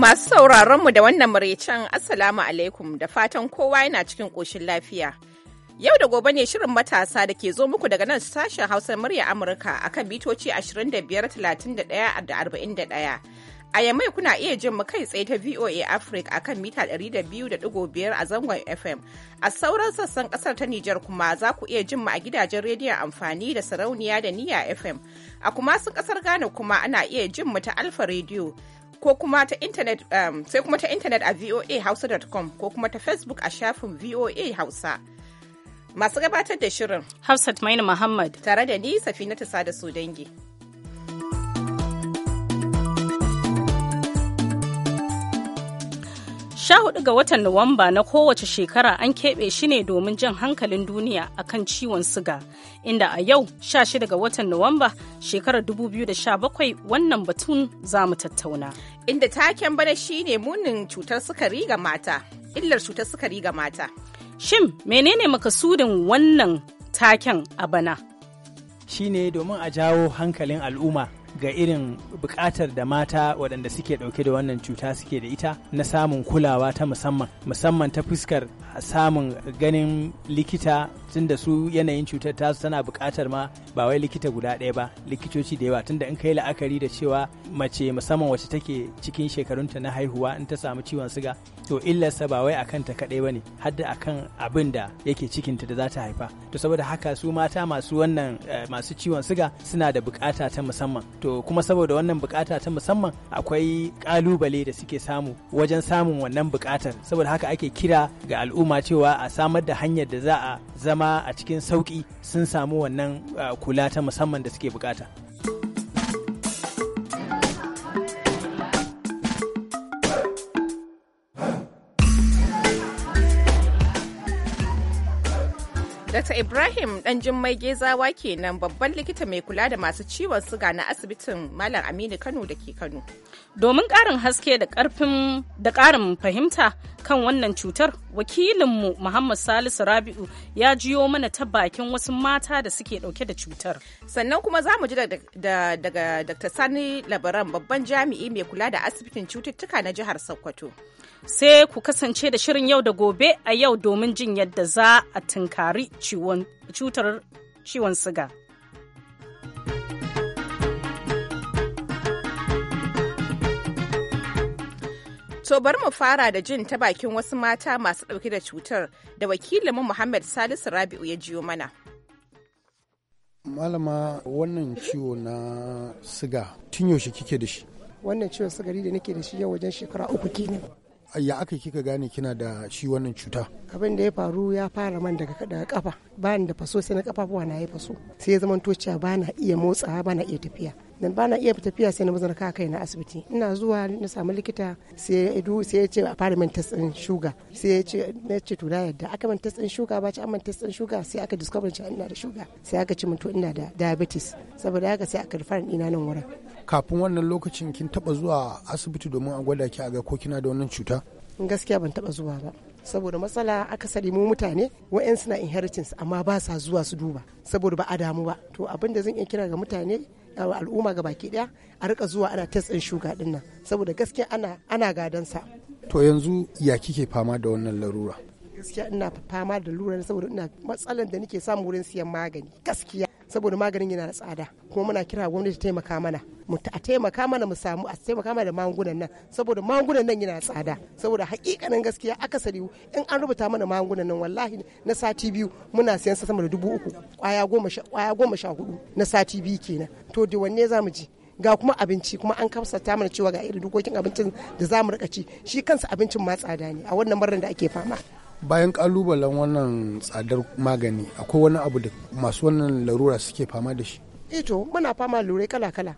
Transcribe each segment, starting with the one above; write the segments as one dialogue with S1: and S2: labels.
S1: Masu sauraronmu da wannan maraicen Assalamu alaikum da fatan kowa yana cikin ƙoshin lafiya. Yau da gobe ne shirin matasa da ke zo muku daga nan sashen Hausa murya Amurka akan mitoci 25, 31 41. A yamai kuna iya jin mu kai tsaye ta VOA Africa akan mita 200.5 a zangon FM. A sauran sassan kasar ta Nijar kuma za ku iya jin mu a gidajen rediyon amfani da sarauniya da niya FM. A kuma sun kasar Ghana kuma ana iya jin mu ta Alfa Radio. ko kuma ta internet um, sai kuma ta internet a voahausa.com ko kuma ta facebook a shafin voa hausa masu gabatar da shirin hafsat maina muhammad tare da ni Safina ta sada su dangi
S2: 14 ga watan Nuwamba na kowace shekara an keɓe shi ne domin jan hankalin duniya a kan ciwon siga, inda a yau 16 ga watan Nuwamba shekarar 2017 wannan batun za mu tattauna.
S1: Inda taken bana shi ne munin cutar sukari ga mata,
S2: illar cutar sukari ga mata. Shin menene makasudin wannan taken
S3: a bana? Shi ne domin a jawo hankalin al'umma. ga irin bukatar da mata waɗanda suke ɗauke da wannan cuta suke da ita na samun kulawa ta musamman musamman ta fuskar samun ganin likita tun da su yanayin cutar tasu tana bukatar ma ba wai likita guda ɗaya ba likitoci da yawa tun da in kai la'akari da cewa mace musamman wacce take cikin shekarunta na haihuwa in ta samu ciwon siga to illarsa ba wai akan ta kaɗai bane har da akan abin da yake cikinta da za ta haifa to saboda haka su mata masu wannan eh, masu ciwon siga suna da bukata ta musamman to kuma saboda wannan bukata ta musamman akwai kalubale da suke samu wajen samun wannan bukatar saboda haka ake kira ga al'umma cewa a samar da hanyar da za a zama a cikin sauki sun samu wannan ah, kula ta musamman da suke bukata
S1: Dr. Ibrahim Jummai Gezawa kenan babban likita mai kula da masu ciwon suga na asibitin Malam Aminu Kano
S2: da ke Kano. Domin ƙarin haske da karfin da ƙarin fahimta kan wannan cutar, wakilinmu Muhammad Salisu Rabi'u ya jiyo mana ta bakin wasu mata da suke ɗauke da cutar.
S1: Sannan kuma za mu ji daga Dr. Sani Labaran
S2: babban jami'i mai kula da asibitin cututtuka na jihar Sokoto. sai ku kasance da shirin yau da gobe a yau domin jin yadda za a tunkari cutar ciwon siga.
S1: To bari mu fara da jin ta bakin wasu mata masu ɗauke da cutar da wakilinmu Muhammad Salisu Rabi'u ya jiyo mana.
S4: Malama wannan ciwo na siga tun yaushe kike da shi?
S5: Wannan ciwon sigari da nake da shi yau wajen shekara uku kenan.
S4: ya aka kika gane kina da shi wannan cuta
S5: abin da ya faru ya fara man daga kafa ba da faso sai na kafafuwa na ya faso sai ya zama cewa ba na iya motsa ba na iya tafiya dan ba na iya tafiya sai na mazarka kai na asibiti ina zuwa na samu likita sai ya ce a fara min test din shuga sai ya ce na ce to da yadda aka min test din shuga ba ci an min test din shuga sai aka discover cewa ina da shuga sai aka ce min to ina da diabetes saboda haka sai aka rufar ina nan wurin
S4: kafin wannan lokacin kin taba zuwa asibiti domin a gwada ki a ga ko kina da wannan cuta
S5: gaskiya ban taba zuwa ba saboda matsala aka sari mu mutane wa'yan suna inheritance amma ba sa zuwa su duba saboda ba a damu ba to abin da zan iya kira ga mutane al'umma ga baki daya a rika zuwa ana test din shuga din nan saboda gaskiya ana ana gadon sa
S4: to yanzu ya kike fama da wannan larura
S5: gaskiya ina fama da larura saboda ina matsalar da nake samu wurin siyan magani gaskiya saboda maganin yana da tsada kuma muna kira gwamnati ta taimaka mana mu ta taimaka mana mu samu a taimaka mana da magungunan nan saboda magungunan nan yana tsada saboda hakikanin gaskiya aka akasari in an rubuta mana magungunan nan wallahi na sati biyu muna sayan sa sama da dubu uku kwaya goma sha kwaya goma sha hudu na sati biyu kenan to da wanne za mu ji ga kuma abinci kuma an kamsata mana cewa ga irin dukokin abincin da za mu rika ci shi kansa abincin ma tsada ne a wannan barin da ake fama
S4: bayan kalubalen wannan tsadar magani akwai wani abu da masu wannan larura suke fama da shi
S5: ito eh muna fama lurai kala-kala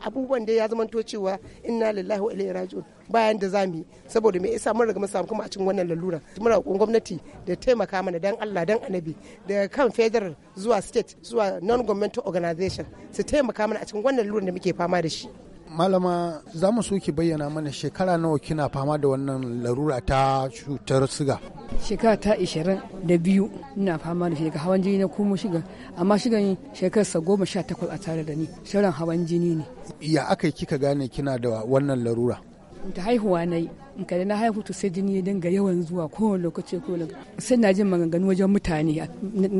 S5: abubuwan da ya zamanto cewa inna lillahi wa ilaihi raji'un bayan da zamu saboda me yasa mun riga mun samu kuma a cikin wannan lalura mun roƙon gwamnati da taimaka mana dan Allah dan Annabi da kan federal zuwa state zuwa non governmental organization su taimaka mana a cikin wannan lalura da muke fama da shi
S4: malama za mu so ki bayyana mana shekara nawa kina fama da wannan larura ta cutar siga
S6: shekara ta ishirin da biyu ina fama da shiga hawan jini na kuma shiga amma shigan shekarsa goma sha takwas a tare da ni shirin hawan jini ne ya aka yi kika gane kina da wannan larura da haihuwa na yi in kada na haihu to sai jini ya dinga yawan zuwa kowane lokaci ko sai na jin maganganu wajen mutane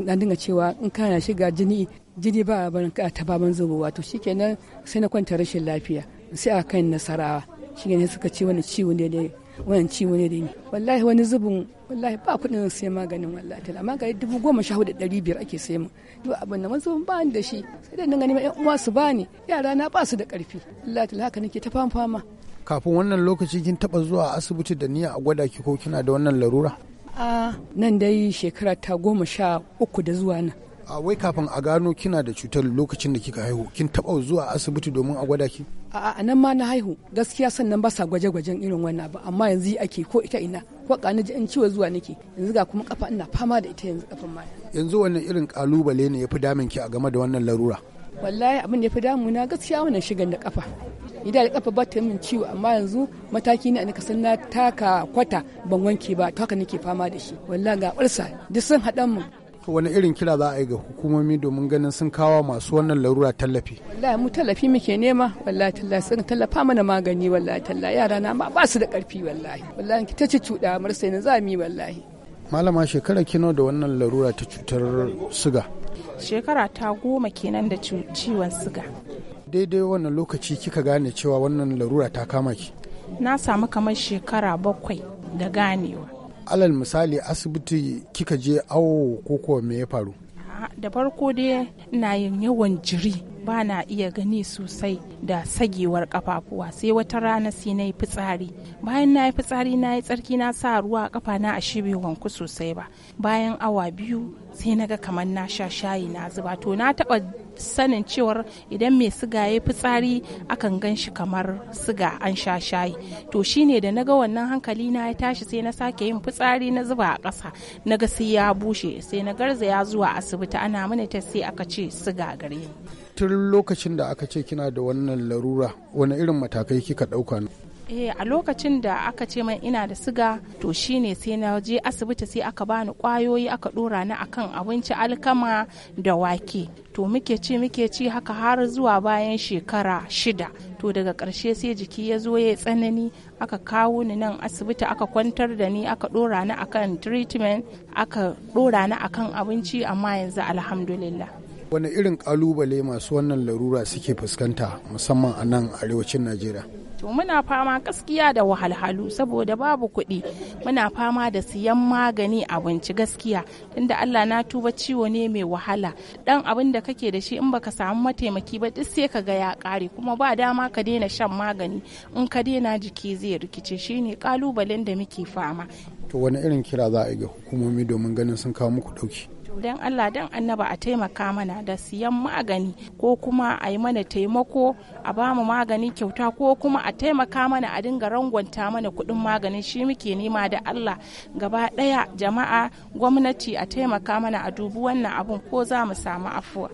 S6: na dinga cewa in kana shiga jini jini ba a barin ka ta baban zubo wato shikenan sai na kwanta rashin lafiya sai a kan nasarawa shikenan suka ce wani ciwo ne da wannan ciwo ne da ni wallahi wani zubin wallahi ba kudin sai maganin wallahi tala amma dubu goma sha hudu ɗari biyar ake sai mu duk abin nan zubin ba ni da shi sai da nan ganin ƴan uwa su ba ni yara na ba su da karfi wallahi tala haka nake ta fama
S4: kafin wannan lokaci kin taba zuwa asibiti da niyya a gwada ki ko kina da wannan larura
S6: a ah, nan dai shekara ta goma sha uku da zuwa nan a wai kafin a gano kina da
S4: cutar lokacin da kika haihu kin taba zuwa asibiti domin a gwada ki
S6: a nan ma na haihu gaskiya sannan ba sa gwaje-gwajen irin wannan ba amma yanzu ake ko ita ina ko ji in ciwo zuwa nake yanzu ga kuma kafa ina fama da ita yanzu kafin ma
S4: yanzu wannan irin kalubale ne yafi damin ki a game da wannan larura
S6: wallahi abin da yafi na gaskiya wannan shigan da kafa idan da kafa ba ta min ciwo amma yanzu mataki ne a nika na taka kwata ban wanke ba to haka nake fama da shi wallahi ga ƙwarsa duk sun haɗan mu
S4: to wani irin kira za a yi ga hukumomi domin ganin sun kawo masu wannan larura tallafi
S6: wallahi mu tallafi muke nema wallahi tallafi sun tallafa mana magani wallahi tallafi yara na ma ba su da karfi wallahi wallahi ki ta ci cuɗa marsa yanzu za mu wallahi
S4: malama shekara kino da wannan larura ta cutar suga
S7: shekara ta goma kenan da ciwon suga
S4: daidai wannan lokaci kika gane cewa wannan larura ta kama ki
S7: na samu kamar shekara bakwai da ganewa
S4: alal misali asibiti kika je awo ko ko me ya faru
S7: ah, da farko dai na yin yawan jiri ba na iya gani sosai da sagewar kafafuwa sai wata rana sai na yi fitsari bayan na yi fitsari na yi tsarki na sa ruwa a kafa na a shibe wanku sosai ba bayan awa biyu sai na ga kamar na sha shayi na zuba to na taba sanin cewar idan mai siga ya fitsari akan gan shi kamar siga an sha shayi to shine da naga wannan hankali na ya tashi sai na sake yin fitsari na zuba a ƙasa na ga sai ya bushe sai na garza ya zuwa asibiti ana mini ta sai aka ce siga gare ni
S4: tun lokacin da aka ce kina da wannan larura wani irin matakai kika ɗauka
S7: eh a lokacin da aka ce man ina da siga to shine sai na je asibiti sai aka bani kwayoyi aka dora ni akan abinci alkama da wake to muke ci muke ci haka har zuwa bayan shekara shida to daga karshe sai jiki ya zo ya tsanani aka kawo ni nan asibiti aka kwantar da ni aka ɗora ni akan treatment aka ɗora ni akan abinci amma yanzu alhamdulillah
S4: wani irin kalubale masu wannan larura suke fuskanta musamman a nan arewacin najeriya
S7: to muna fama gaskiya da wahalhalu saboda babu kuɗi muna fama da siyan magani abinci gaskiya tunda Allah na tuba ciwo ne mai wahala dan abin da kake da shi in baka samu mataimaki ba duk sai ka ga ya kare kuma ba dama ka daina shan magani in ka daina jiki zai rikice shi ne kalubalen da muke fama
S4: to wani irin kira za a yi ga hukumomi domin ganin sun kawo muku dauki
S7: don allah don annaba a taimaka mana da siyan magani ko kuma a yi mana taimako a ba mu magani kyauta ko kuma a taimaka mana a dinga rangwanta mana kuɗin magani shi muke nema da allah gaba ɗaya jama'a gwamnati a taimaka mana a dubi wannan abun ko za mu
S8: samu afuwa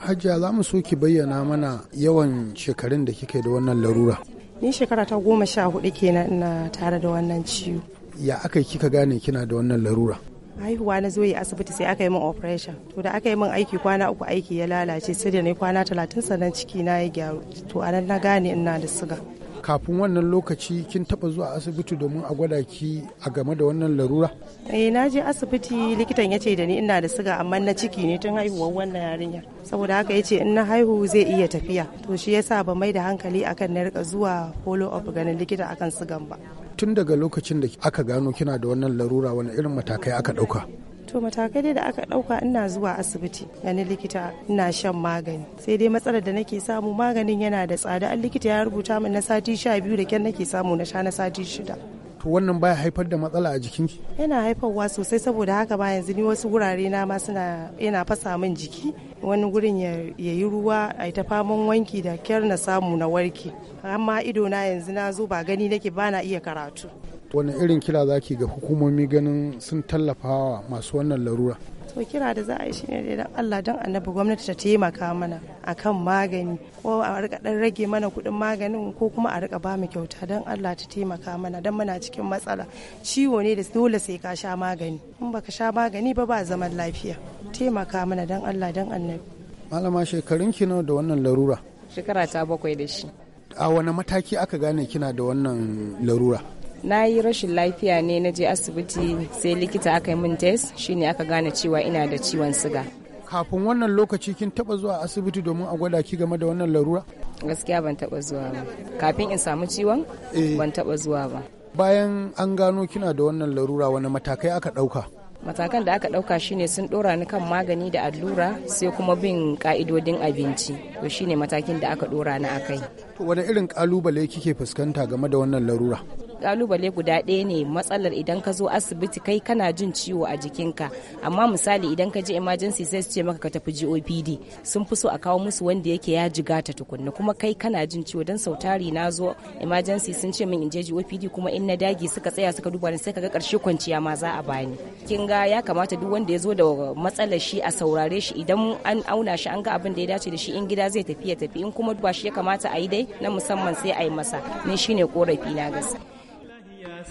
S4: hajiya za mu so ki bayyana mana yawan shekarun da kike da wannan larura
S8: ni shekara ta goma sha hudu kenan ina tare da wannan ciwo
S4: ya aka kika gane kina da wannan larura
S8: haihuwa na zo asibiti sai aka yi min operation to da aka yi min aiki kwana uku aiki ya lalace sai da ni kwana talatin sannan ciki na ya gyaru to a nan na gane ina da
S4: siga kafin wannan lokaci kin taba zuwa asibiti domin a gwada ki a game da wannan larura
S8: eh na je asibiti likitan ya ce da ni ina da siga amma na ciki ne tun haihuwar wannan yarinya saboda haka ya ce in na haihu zai iya tafiya to shi yasa ba mai da hankali akan na rika zuwa follow up ganin likita akan sigan ba
S4: tun daga lokacin da aka gano kina da wannan larura wani irin matakai aka ɗauka
S8: to matakai dai da aka ɗauka ina zuwa asibiti yana likita ina shan magani sai dai matsalar da nake samu maganin yana da tsada an likita ya rubuta min na sati sha biyu da kyan nake samu na sha na sati shida
S4: to wannan baya haifar da matsala a jikinki
S8: yana haifarwa sosai saboda haka ba yanzu ni wasu wurare na ma suna yana fasa min jiki wani gurin ya yi ruwa a ta faman wanki da kyar na samu na warke amma ido na yanzu na zo ba gani nake ba na iya karatu
S4: wani irin kira zaki ga hukumomi ganin sun tallafawa masu wannan larura
S8: to kira da za a yi ne da Allah don annabi gwamnati ta taimaka mana a kan magani ko a rika dan rage mana kuɗin maganin ko kuma a rika ba mu kyauta don Allah ta taimaka mana don muna cikin matsala ciwo ne da dole sai ka sha magani in baka sha magani ba ba zaman lafiya taimaka mana don Allah don annabi
S4: malama shekarun ki nawa da wannan larura shekara ta
S9: bakwai da shi
S4: a wani mataki aka gane kina da wannan larura
S9: na yi rashin lafiya ne na je asibiti sai likita aka yi min test shine aka gane cewa ina da ciwon siga
S4: kafin wannan lokaci kin taba zuwa asibiti domin a gwada ki game da wannan larura gaskiya ban taba zuwa ba kafin in samu ciwon eh. ban taba zuwa ba bayan an gano kina da wannan larura wani matakai aka dauka
S9: matakan da aka ɗauka shine sun ɗora ni kan magani da allura sai kuma bin ka'idodin abinci to shine matakin da aka dora ni akai.
S4: To wani irin ƙalubale kike fuskanta game da wannan larura?
S9: kalubale guda ɗaya ne matsalar idan ka zo asibiti kai kana jin ciwo a jikinka amma misali idan ka je emergency sai su ce maka ka tafi GOPD sun fi so a kawo musu wanda yake ya jiga ta tukunna kuma kai kana jin ciwo dan sautari na zo emergency sun ce min in je GOPD kuma in na dagi suka tsaya suka duba ni sai kaga karshe kwanciya ma za a bani kin ga ya kamata duk wanda ya zo da matsalar shi a saurare shi idan an auna shi an ga abin da ya dace da shi in gida zai tafi ya tafi in kuma duba shi ya kamata a yi dai na musamman sai a yi masa ni shine korafi na gaskiya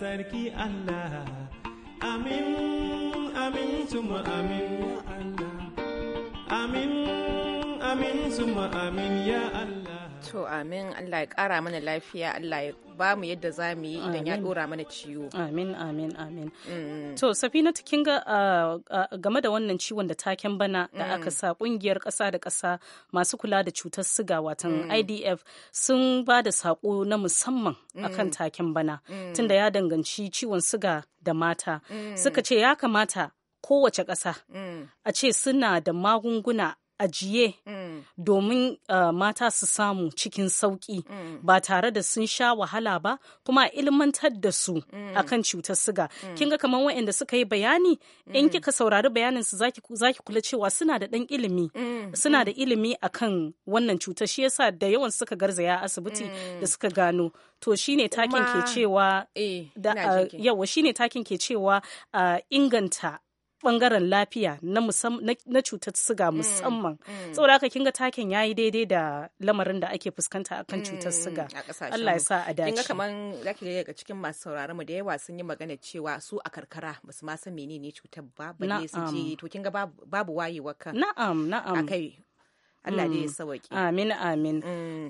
S3: sarki Allah. Amin, amin, suma amin ya Allah. Amin, amin, suma amin ya Allah.
S1: To amin Allah ya kara mana lafiya Allah ya ba mu yadda za mu yi idan ya dora mana ciwo. Amin amin amin.
S2: To Safina kin ga game da wannan ciwon da taken bana da aka mm. sa kungiyar ƙasa da ƙasa masu kula da cutar siga watan mm. IDF sun ba da sako na musamman akan mm. taken bana tunda ya danganci ciwon siga da mata. Suka ce ya kamata kowace ƙasa a ce suna da magunguna ajiye mm. domin uh, mata su samu cikin sauƙi mm. ba tare da sun sha wahala ba kuma ilmantar da su mm. akan cutar siga mm. kin ga kamar waɗanda suka yi bayani in kika saurari bayanin su zaki, zaki kula cewa suna da ɗan ilimi suna da ilimi akan wannan cutar shi yasa da yawan suka garzaya asibiti da suka gano to shine takin ke cewa eh, eh, yawa shine takin ke cewa inganta bangaren lafiya na, na cutar siga mm, musamman mm. saboda haka kinga taken yayi daidai da lamarin da ake fuskanta akan mm, cutar siga Allah ya sa a dace kinga kaman
S1: zaki ga cikin masu sauraron mu da yawa sun yi magana cewa su a karkara ba su ma san menene cutar ba balle su ji to kinga babu wayewa kan na'am na'am akai
S2: Allah ne ya sauke amin amin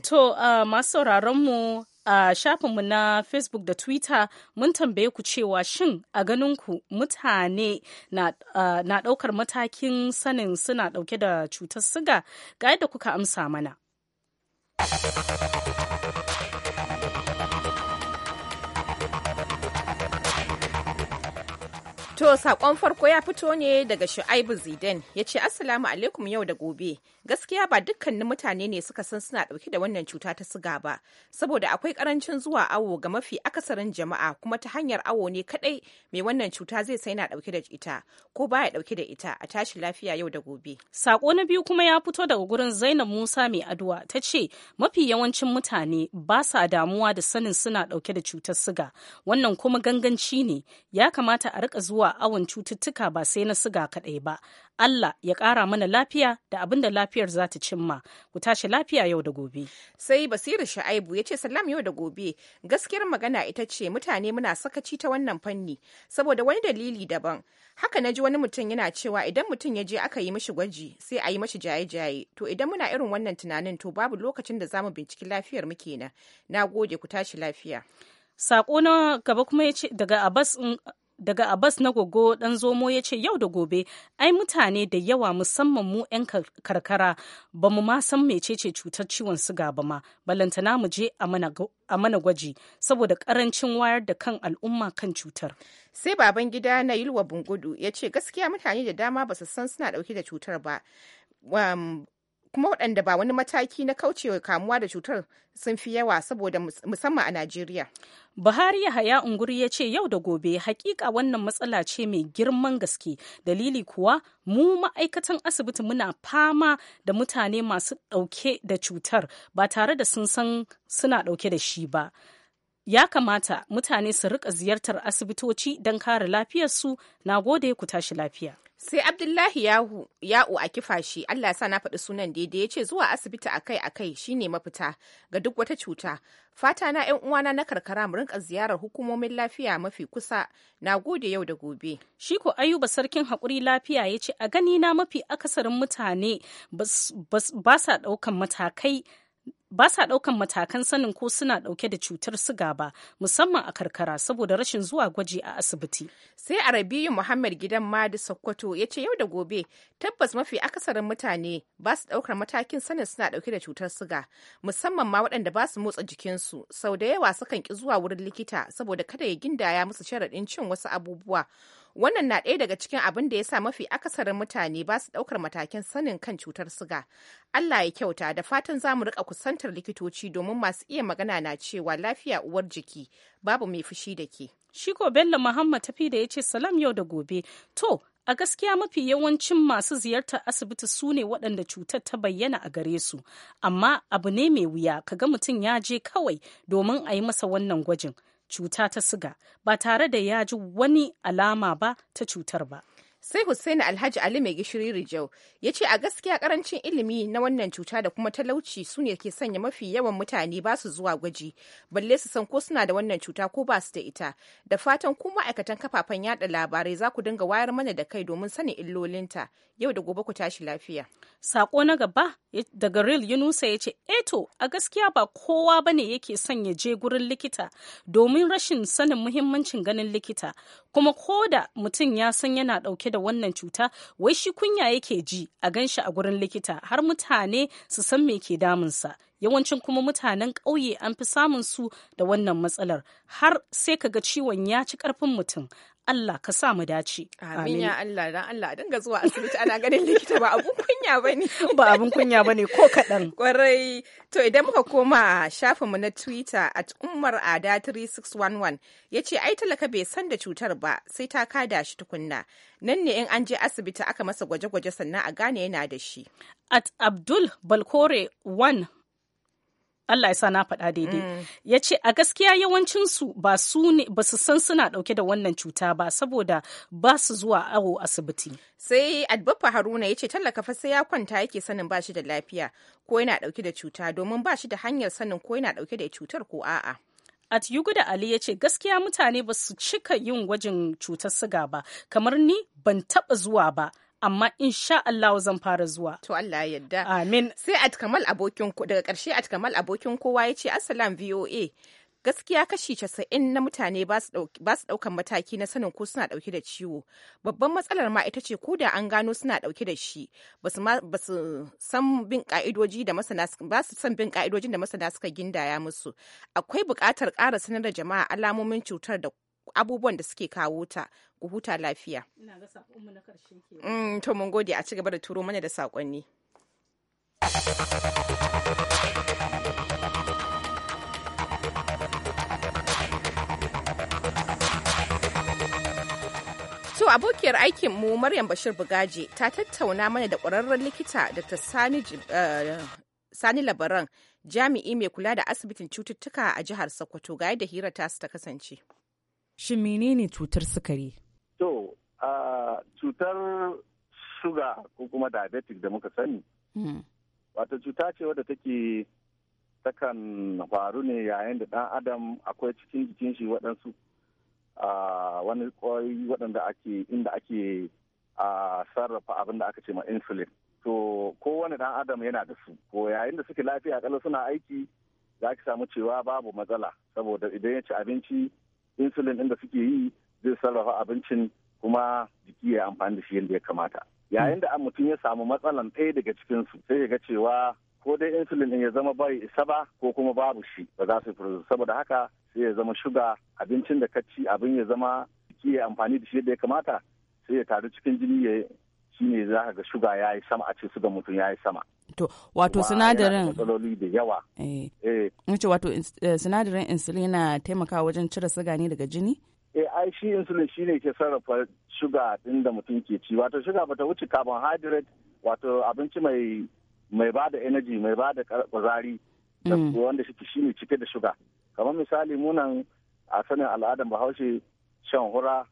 S2: to ah, masu sauraron mu a shafinmu na facebook da twitter mun tambaye ku cewa shin a ganinku mutane na ɗaukar matakin sanin suna ɗauke da cutar siga ga yadda kuka amsa mana
S1: To sakon farko ya fito ne daga Shu'aibu Zidane ya ce Assalamu alaikum yau da gobe. Gaskiya ba dukkanin mutane ne suka san suna ɗauke da wannan cuta ta siga ba, saboda akwai karancin zuwa awo ga mafi akasarin jama'a kuma ta hanyar awo ne kaɗai mai wannan
S2: cuta zai sai na ɗauke da ita ko baya ɗauke da ita a tashi lafiya yau da gobe. Sako na biyu kuma ya fito daga gurin Zainab Musa mai aduwa ta ce mafi yawancin mutane ba sa damuwa da sanin suna ɗauke da cutar siga wannan kuma ganganci ne ya kamata a rika zuwa awon cututtuka ba sai na siga kaɗai ba. Allah ya ƙara mana lafiya da abin da lafiyar za ta cimma. Ku tashi lafiya yau da gobe. Sai Basiru Sha'aibu ya ce salam
S1: yau da gobe. Gaskiyar magana ita ce mutane muna sakaci ta wannan fanni saboda wani dalili daban. Haka na ji wani mutum yana cewa idan mutum ya je aka yi mishi gwaji sai a yi mashi jaye-jaye. To idan muna irin wannan tunanin to babu lokacin da za mu binciki lafiyar mu kenan. Na
S2: gode ku tashi lafiya. Sako na gaba kuma ya ce daga Abbas daga abas na gogo dan zomo ya ce yau da gobe ai mutane da yawa musamman mu 'yan karkara ba mu ma san mecece cutar ciwon suga ba ma balantana mu je a mana gwaji saboda karancin wayar da kan al'umma kan cutar sai baban
S1: gida na yulwa bungudu ya ce gaskiya mutane da dama ba su san suna dauke da cutar ba kuma waɗanda ba wani mataki na kaucewa kamuwa da cutar sun fi yawa saboda
S2: musamman a Najeriya. Buhari Yahaya Unguri ya ce yau da gobe hakika wannan matsala ce mai girman gaske dalili kuwa mu ma'aikatan asibiti muna fama da mutane masu ɗauke da cutar ba tare da sun san suna ɗauke da shi ba. Ya kamata mutane su rika ziyartar asibitoci don kare lafiyarsu na gode ku tashi lafiya.
S1: sai abdullahi yahu ya'u a kifashi allah sa na faɗi sunan daidai ya ce zuwa asibiti akai akai shine mafita ga duk wata cuta fata na yan uwana na karkara mu rinka ziyarar hukumomin lafiya mafi kusa na gode yau da
S2: gobe shi ko ayuba sarkin hakuri lafiya ya ce a gani na mafi akasarin mutane ba sa ɗaukan matakai ba sa ɗaukan matakan sanin ko suna ɗauke da cutar siga ba musamman a karkara saboda rashin zuwa gwaji a asibiti.
S10: Sai
S1: a Rabiu Muhammad gidan madu Sokoto ya ce yau da gobe tabbas mafi akasarin mutane ba su ɗaukar matakin sanin suna ɗauke da cutar siga musamman ma waɗanda ba su motsa jikinsu sau da yawa sukan ki zuwa wurin likita saboda kada ya gindaya musu sharaɗin cin wasu abubuwa Wannan na ɗaya daga cikin abin da ya sa mafi akasarin mutane ba su ɗaukar matakin sanin kan cutar siga. Allah ya kyauta da fatan za mu riƙa kusantar likitoci domin masu iya magana na
S2: cewa lafiya uwar jiki babu mai fushi da ke. Shiko Bello Muhammad tafi da ya ce salam yau da gobe. To, a gaskiya mafi yawancin masu ziyartar asibiti su ne waɗanda cutar ta bayyana a gare su amma abu ne mai wuya kaga mutum ya je kawai domin a yi masa wannan gwajin cuta ta siga ba tare da ya ji wani alama ba ta cutar ba.
S1: sai hussaini alhaji ali mai gishiri rijau ya ce a gaskiya karancin ilimi na wannan cuta da kuma talauci su ne ke sanya mafi yawan mutane ba su zuwa gwaji balle su san ko suna da wannan cuta ko ba su da ita da fatan ku ma'aikatan kafafen yada labarai za ku dinga wayar mana da kai domin sanin illolinta yau da gobe ku tashi lafiya sako
S2: na gaba daga real yunusa ya ce eto eh a gaskiya ba kowa ba bane yake sanya je gurin likita domin rashin sanin muhimmancin ganin likita kuma ko da mutum ya san yana dauke da wannan cuta wai shi kunya yake ji a gan shi a gurin likita har mutane su san me ke damunsa yawancin kuma mutanen ƙauye an fi samun su da wannan matsalar har sai kaga ciwon ya ci ƙarfin mutum Allah ka sa mu dace. Amin ya
S1: Allah dan Allah a dinga zuwa asibiti ana ganin likita ba abun kunya
S2: bane. ba abun kunya bane ko kaɗan.
S1: Kwarai to idan muka koma a shafinmu na Twitter at Umar Ada 3611 ya ce ai talaka bai san da cutar ba sai ta kada shi tukunna. Nan ne in an je asibiti aka masa gwaje-gwaje sannan a gane yana da shi.
S2: At Abdul Balkore 1 Allah ya sa na faɗa daidai. Mm. Ya ce a gaskiya yawancinsu ba su ne ba su san suna ɗauke da wannan cuta ba saboda ba su zuwa awo asibiti.
S1: Sai Adbaffa Haruna ya ce tallaka fa sai ya kwanta yake sanin ba shi da lafiya ko yana ɗauke da cuta domin ba shi da hanyar sanin ko yana ɗauke da cutar ko
S2: a'a. at yuguda ali ya ce gaskiya mutane ba su cika yin gwajin cutar siga ba kamar ni ban taɓa zuwa ba amma insha Allah zan fara zuwa. To Allah
S1: ya yarda. Amin. Sai kamal abokin daga ƙarshe kamal abokin kowa ya ce Assalam VOA. gaskiya kashi casa'in na mutane ba su ɗaukan mataki na sanin ko suna ɗauke da ciwo babban matsalar ma ita ce ko da an gano suna ɗauke da shi ba su san bin ka'idoji ka'idojin da masana suka gindaya musu akwai buƙatar ƙara sanar da jama'a alamomin cutar da abubuwan da suke kawo ta ku huta lafiya.
S2: Mm, to mun
S1: gode a ci gaba da turo mana da saƙonni. To abokiyar aikinmu Maryam Bashir Bugaje ta tattauna mana da ƙwararren likita Dr. Sani eh, Sani Labaran jami'i mai kula da asibitin cututtuka a jihar Sokoto ga yadda hira ta ta kasance.
S10: Shin menene cutar sukari?
S11: To, cutar suga ko kuma diabetic da muka sani. Hmm. Wata cuta ce wadda take takan faru ne yayin da ɗan adam akwai cikin jikin shi waɗansu wani ƙwai waɗanda ake inda ake sarrafa abin da aka ce ma insulin. To kowane ɗan adam yana da su. Ko yayin da suke lafiya kala suna aiki za ki samu cewa babu matsala saboda idan ya ci abinci insulin ɗin da suke yi zai sarrafa abincin kuma jiki ya amfani da shi yadda ya kamata yayin da mutum ya samu matsalan ɗaya daga cikin su sai ya ga cewa ko dai insulin ɗin ya zama bai isa ba ko kuma babu shi ba za su produce saboda haka sai ya zama shuga abincin da ci abin ya zama jiki ya amfani da shi yadda ya kamata sai ya taru cikin jini ya shi ne za ka ga shuga ya yi sama a ce suga mutum ya yi sama
S10: to wato sinadarin matsaloli da yawa eh, eh. wato eh, sinadarin insulin yana taimakawa wajen cire suga ne daga jini
S11: eh ai shi insulin shine ke sarrafa suga din da mutum ke ci wato suga bata wuce carbohydrate wato abinci mai mai ba da energy mai ba da kuzari mm. wanda shi shine cike da suga kamar misali munan a sanin al'adan bahaushe shan hura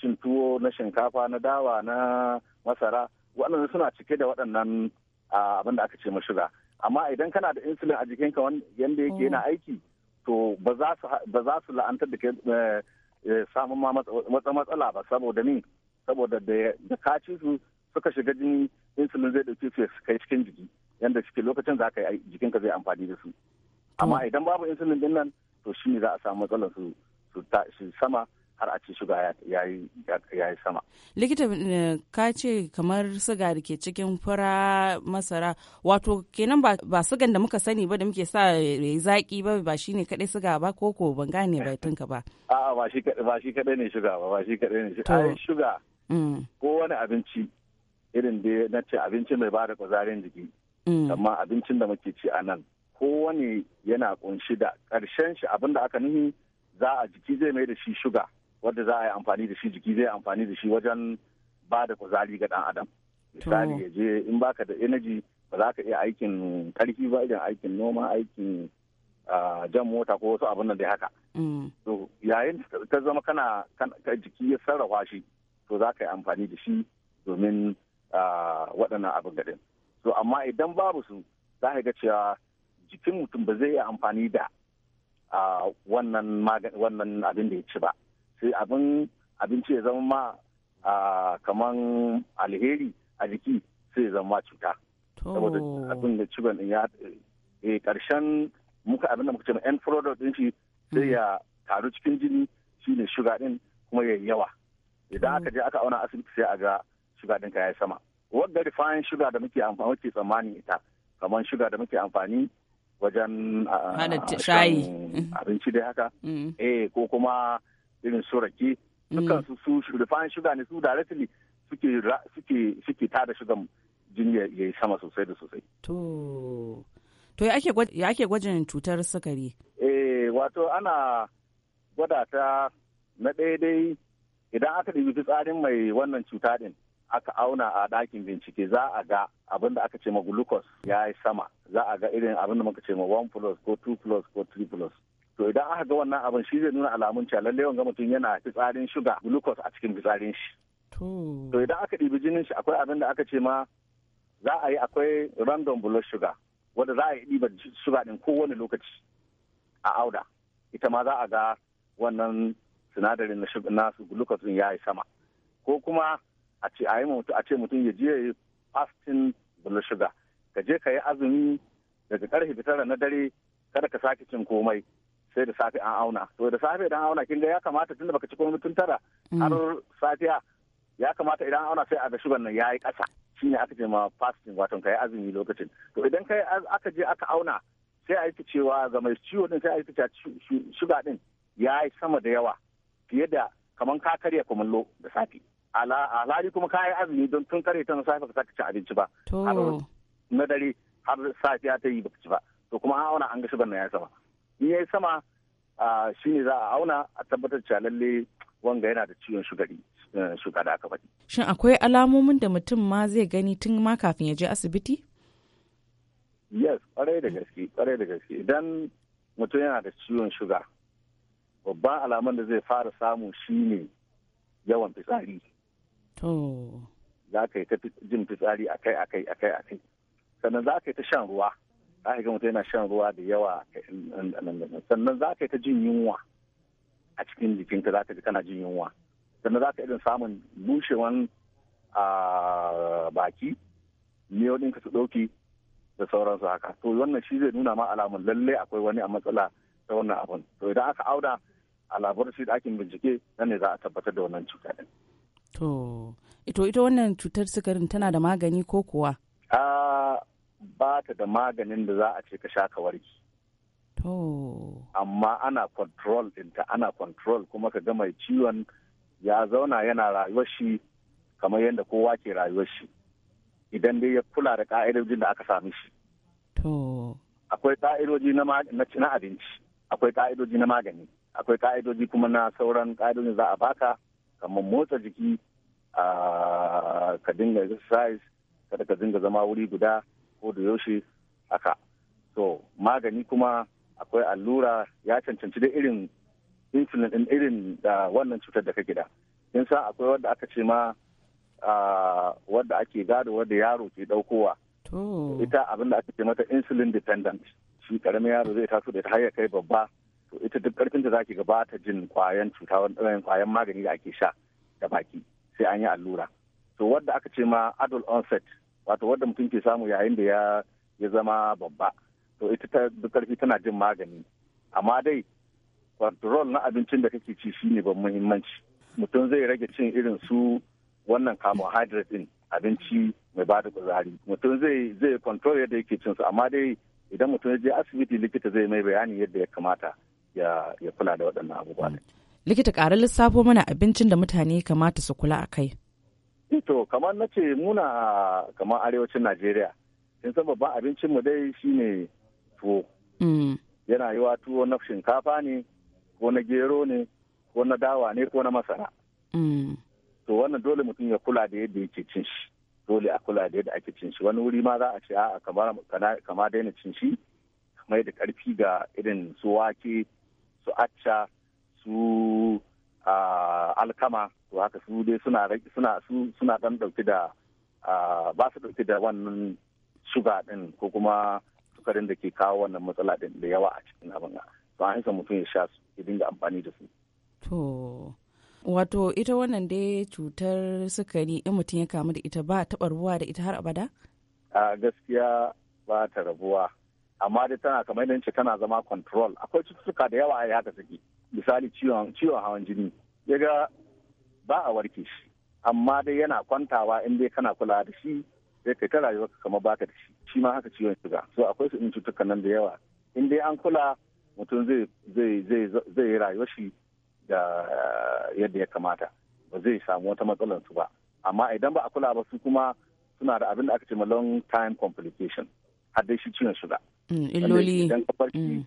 S11: cin tuwo na shinkafa na dawa na masara waɗannan suna cike da waɗannan abin da aka ce ma shuga amma idan kana da insulin a jikinka yanda yake yana mm. aiki to ba za su la'antar da ke eh, eh, samun ma matsala ba saboda ni saboda da ka ci su suka shiga jini insulin zai dauke su kai cikin jiki yanda cikin lokacin za ka yi jikinka zai amfani da su amma idan babu insulin din nan to shi ne za a samu matsalar su sama har a ce suga ya yi sama.
S10: Likita eh, ka ce kamar suga da ke cikin fura masara wato kenan ba sugan da muka sani ba da muke sa yayi zaki ba ba shine kadai suga ba ko ko ban gane ba tunka ba.
S11: A'a ba shi ba shi kadai ne suga ba ba shi kadai ne suga. suga. Mm. Ko wani abinci irin da na ce abinci mai ba da kuzarin jiki. Mm. Amma abincin da muke ci a nan kowane yana kunshi da ƙarshen shi abinda aka nuhi za a jiki zai mai da shi shuga wanda za a yi amfani da shi jiki zai amfani da shi wajen ba da kuzari ga dan adam misali ya je in baka da energy ba za ka iya aikin karfi ba idan aikin noma aikin ah, jan mota ko wasu abin da haka mm. to yayin ta zama kana jiki ya sarrafa shi to za ka yi amfani da shi domin ah, waɗannan abin din to amma idan babu su za ka ga cewa jikin mutum ba zai yi amfani da ah, wannan abin da ya ci ba sai abin abinci ya zama ma kaman alheri a jiki sai ya zama cuta
S10: saboda abin
S11: da ciwon din ya karshen eh, muka abin da muka ce end product din shi sai mm. ya taru cikin jini shine shuga din kuma ya yawa idan mm. aka je aka auna asibiti sai a ga shuga din ka ya sama wadda rifayin shuga da muke amfani wace tsammani ita kamar shuga da muke amfani wajen shayi abinci dai haka mm. eh ko kuma irin su rake mm. dukkan su su refined sugar ne su directly suke suke suke tada sugar jini ya yi sama sosai da sosai
S10: to to ya ake gwajin cutar sukari
S11: eh wato ana gwada ta na daidai idan aka ɗibi fitsarin mai wannan cuta din aka auna a ɗakin bincike za a ga abin da aka ce ma glucose ya yi sama za a ga irin abin da muka ce ma 1 plus ko 2 plus ko 3 plus to idan aka ga wannan abin shi zai nuna alamun cewa lalle wanga mutum yana fitsarin shuga glucose a cikin fitsarin shi to idan aka ɗibi jinin shi akwai abin da aka ce ma za a yi akwai random blood sugar wanda za a yi ɗiba shuga ɗin kowane lokaci a auda ita ma za a ga wannan sinadarin na glucose ya yayi sama ko kuma a ce a yi mutum a ce mutum ya je fasting blood sugar ka je ka yi azumi daga karfe da na dare kada ka sake cin komai sai da safe an auna to da safe idan auna kin ga ya kamata tunda baka ci komai tun tara mm. har safiya ya kamata idan auna sai a ga shugan nan yayi ƙasa shine aka ce ma fasting wato kai azumi lokacin to idan kai aka je aka auna sai a yi cewa ga mai ciwo din sai a yi cewa shuga din yayi sama da yawa fiye da kaman ka karya kumallo da safe alhali kuma ka yi azumi don tun kare ta na safe ka saka ci abinci ba na dare har safiya ta yi baka ci ba to kuma an auna an ga shugan nan ya sama in ya yi sama shi ne za a auna a tabbatar cewa lalle wanga yana da ciwon shugari eh, shuga da aka faɗi.
S10: Shin akwai alamomin da mutum ma zai gani tun ma kafin ya je asibiti?
S11: Yes, kwarai da gaske, kwarai da gaske. Idan mutum yana da ciwon shuga, babban alamun da zai fara samu shine yawan fitsari. Za ka yi ta jin fitsari akai akai akai akai. Sannan za ka yi ta shan ruwa. za ga mutum yana shan ruwa da yawa sannan za ka yi ta jin yunwa a cikin jikinka za ka ji kana jin yunwa sannan za ka irin samun bushewan baki miyau ɗinka su ɗauki da sauransu haka to wannan shi zai nuna ma alamun lalle akwai wani a matsala ta wannan abun to idan aka auda a laboratory da ake bincike nan ne za a tabbatar da wannan cuta
S10: to ito ita wannan cutar sukarin tana da magani ko kuwa?
S11: ba ta da maganin da za a ce ka sha ka warki amma ana control ɗinta ana control kuma ka ga mai ciwon ya zauna yana rayuwar shi kamar yadda kowa ke rayuwar shi idan dai ya kula da ka'idojin da aka sami shi akwai ka'idoji na abinci akwai ka'idoji na magani akwai ka'idoji kuma na sauran ka'idojin za a baka kamar motsa jiki ah, ka dinga exercise kada ka dinga zama wuri guda ko da yaushe haka to magani kuma akwai allura ya cancanci da irin insulin din irin da wannan cutar da ka gida in sa akwai wadda aka ce ma wadda ake gado wadda yaro ke daukowa ita abin da aka ce mata insulin dependent shi karamin yaro zai taso da ta har kai babba to ita duk karfin da zaki gabata ta jin kwayan cuta wannan kwayan magani da ake sha da baki sai an yi allura to wadda aka ce ma adult onset wato wadda mutum ke samu yayin da ya ya zama babba to ita ta karfi tana jin magani amma dai control na abincin da kake ci shine ban muhimmanci mutum zai rage cin irin su wannan carbohydrate din abinci mai bada kuzari mutum zai zai control yadda yake cin su amma dai idan mutum ya je asibiti likita zai mai bayani yadda ya kamata ya kula da waɗannan abubuwa
S10: likita ƙara lissafo mana abincin da mutane kamata su kula a kai
S11: Eh, to kamar na ce muna kamar arewacin najeriya kin san babban abincin mu dai shine tuwo mm. yana yiwa tuwo na shinkafa ne ko na gero ne ko na dawa ne ko na masara mm. to wannan dole mutum ya kula da yadda yake cin shi dole a kula da yadda ake cin shi wani wuri ma za a ce a kama daina cin shi mai da karfi ga irin su wake su acca su alkama to haka su dai suna suna suna dan dauke da ba su dauke da wannan suga din ko kuma sukarin da ke kawo wannan matsala din da yawa a cikin abin to an hisa mutum ya sha su ya dinga amfani da su
S10: to wato ita wannan dai cutar sukari in mutum ya kamu da ita ba taɓa da ita har abada
S11: a gaskiya ba ta rabuwa amma dai tana kamar yadda tana zama control akwai cututtuka da yawa a haka suke misali ciwon hawan jini ya ga ba a warke shi amma dai yana kwantawa in dai kana kula da shi sai kai ta rayuwa ka kama baka da shi shi ma haka ciwon shiga so akwai su in cututtukan nan da yawa in dai an kula mutum zai zai zai zai yi rayuwar shi da eh, yadda ya kamata ba zai samu wata matsalar su ba amma idan ba a kula ba su kuma suna da abin da aka ce ma long time complication har dai shi ciwon suga
S2: mm, illoli idan
S11: ka farki mm.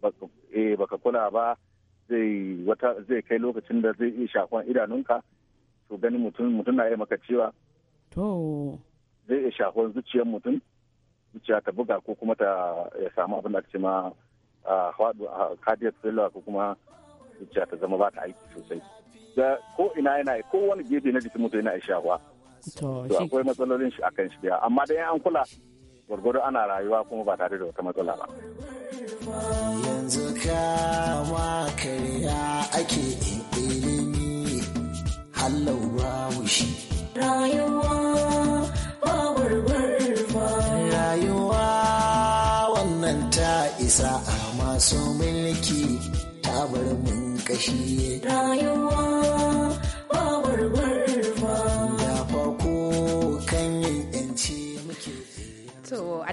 S11: baka eh, kula ba zai wata zai kai lokacin da zai iya shafan idanunka to gani mutum mutum na iya maka cewa
S10: to
S11: zai iya shafan zuciyar mutum zuciya ta buga ko kuma ta ya samu abin da ake ma faɗo a cardiac failure ko kuma zuciya ta zama ba ta aiki sosai da ko ina yana ko wani gefe na jikin mutum yana iya shafa
S3: to akwai
S11: matsalolin shi akan shi amma dai an kula gwargwado ana rayuwa kuma ba tare da wata matsala ba.
S3: Yanzu kama karya ake ilimi hallau babu shi.
S5: Rayuwa ba ba.
S3: Rayuwa wannan ta isa a masu mulki ta bar mun kashi. Rayuwa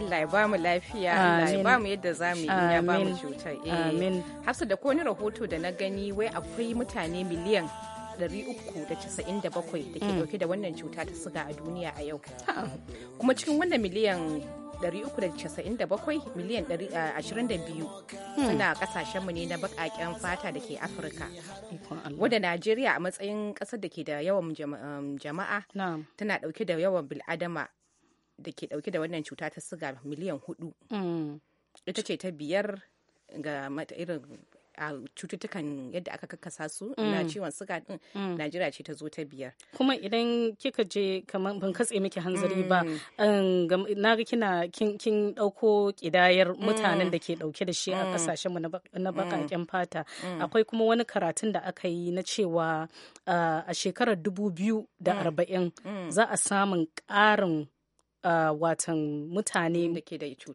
S1: Allah ya bamu lafiya Allah ya bamu yadda za mu yi ya bamu cutar eh. amin hafsa da ko ni rahoto da na gani wai akwai mutane miliyan 397 da ke dauke mm. da wannan cuta ta suga a duniya a yau kuma cikin wannan miliyan 397 miliyan 22 ah, hmm. suna kasashenmu ne na bakaken fata da ke afirka wadda najeriya a matsayin kasar da ke da yawan um, jama'a tana dauke da yawan bil'adama da ke dauke da wannan cuta ta siga miliyan hudu mm. ita ce ta biyar ga irin a cututtukan yadda aka kakkasa su na mm. ciwon siga. din mm. Najeriya ce ta zo ta biyar.
S2: Kuma idan kika je kamar ban katse miki hanzari ba um, na ga kina kin dauko kidayar mutanen da ke dauke da shi a kasashen mu na bakaken fata akwai kuma wani karatun da aka yi na cewa uh, a shekarar dubu biyu da arba'in za a samun ƙarin uh, watan mutane mm.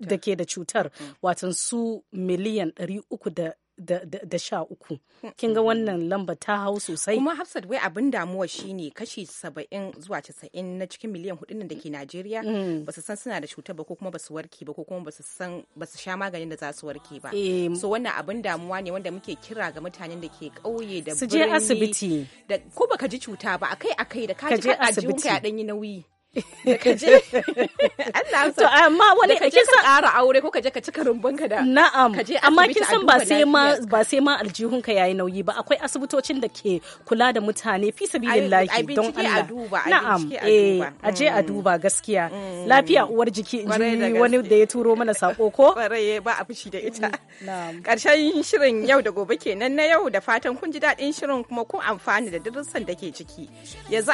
S2: da ke da cutar mm. watan su miliyan 300 da, da, da sha uku. Mm. Kin ga wannan lamba ta hau sosai. Kuma
S1: Hafsat wai abin
S2: damuwa shine kashi
S1: saba'in zuwa casa'in na cikin miliyan hudun da ke Najeriya ba su san suna da cutar ba ko kuma ba su warke ba ko kuma ba su san ba su sha maganin da za su warke ba. Eh. So wannan abin damuwa ne wanda muke kira ga mutanen da ke ƙauye da birni. Su je asibiti. Da ko baka ji cuta ba akai akai da ka ji a ya ɗan yi nauyi.
S2: ka je
S1: Allah to amma wani ka je ƙara aure ko ka je ka cika ka da na'am ka je amma kin san ba sai ma
S2: ba sai ma aljihunka yayi nauyi ba akwai asibitocin da ke kula da mutane fi sabilillahi don Allah na'am eh a je mm. a duba gaskiya mm. lafiya uwar jiki inji wani da ya turo mana sako ko kwaraye eh, ba a fushi da ita karshen mm, shirin yau da
S1: gobe kenan na yau da fatan kun ji daɗin shirin kuma kun amfani da darussan da ke ciki yanzu